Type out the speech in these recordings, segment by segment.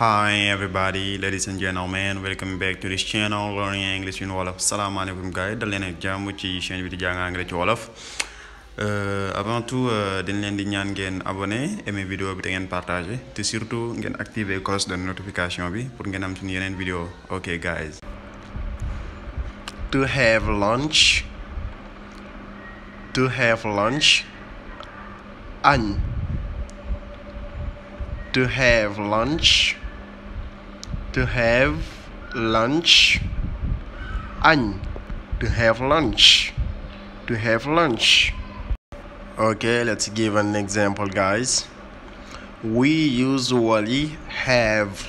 Hi everybody ladies and gentlemen welcome back to this channel learning English in wolof salaamaaleykum gars yi dal leen ak jàmm ci chaîne bi di jàng anglais ci wolof euh, avant tout euh, dañ leen di ñaan ngeen abonné aimé vidéo bi te ngeen partagé te surtout ngeen activer cloche de notification bi pour ngeen am suñu yeneen vidéo ok guys to have lunch to have lunch añ to have lunch to have lunch añ to have lunch to we usually have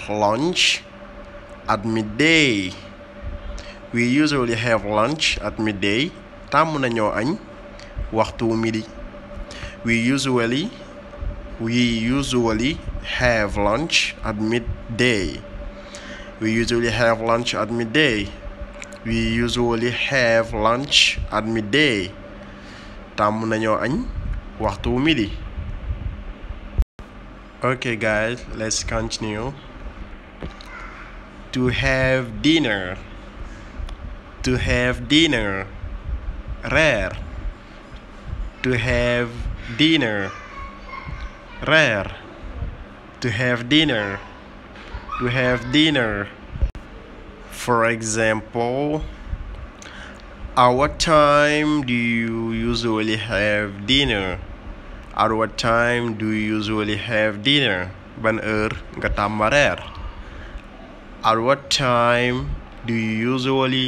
lunch at midday tàmm nañoo añ waxtu midi we usually we usually have lunch at midday We usually have lunch at midday. We usually have lunch at midday. tàmm nañoo añ waxtu wu midi. Okay guys, let's continue. To have dinner. To have dinner. Reer. To have dinner. Reer. To have dinner. to have dinner. For example, at what time do you usually have dinner? At what time do you usually have dinner? Ban heure nga tàmma reer. At what time do you usually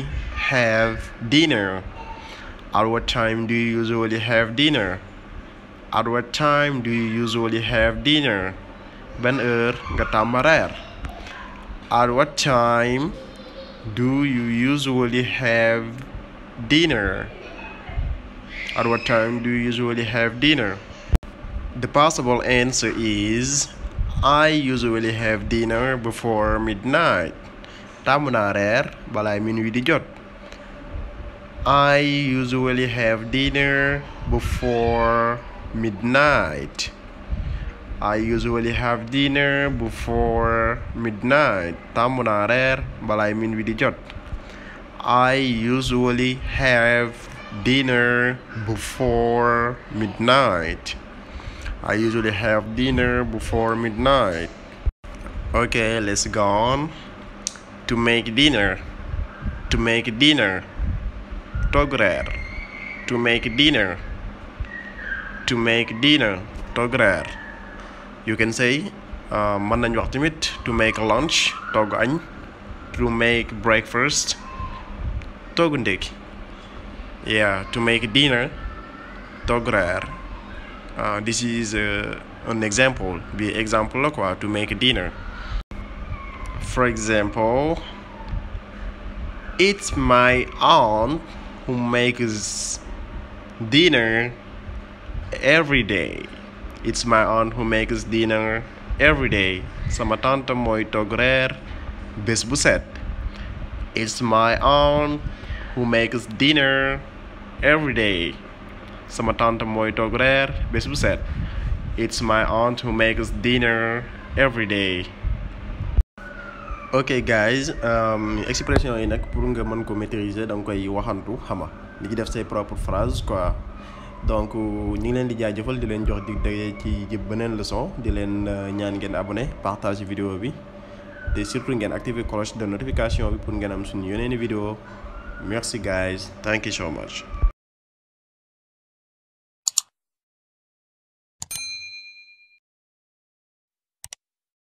have dinner? At what time do you usually have dinner? At what time do you usually have dinner? Ban heure nga tàmma reer. At what time do you usually have dinner? The possible answer is I usually have dinner before midnight. tàmm naa reer balaay minuit di jot. I usually have dinner before midnight. I usually have dinner before midnight tàmm naa reer balaay min wi di jot I usually have dinner before midnight I usually have dinner before midnight okay let's go to make dinner to make dinner to make dinner to make you can say uh, mën nañu wax tamit to make lunch togg añ to make breakfast togg ndékki yeah to make dinner togg reer uh, this is uh, an example bi exemple la quoi to make dinner for example it's my aunt who makes dinner every day it's my aunt who makes dinner every day sama tante mooy toog reer bés bu set it's my aunt who makes dinner every day sama tante mooy toog reer bés bu set it's my aunt who makes dinner every day ok guys um, yi nag pour nga mën ko maîtriser da nga koy waxantu xama li ci def say propre phrase quoi donc euh, ñu leen di jëfal di leen jox dig daje ci jëb beneen leçon di leen euh, ñaan ngeen abonné partage vidéo bi te surtout ngeen activer cloche de notification bi pour ngeen am suñu yeneeni vidéo merci guys thank you so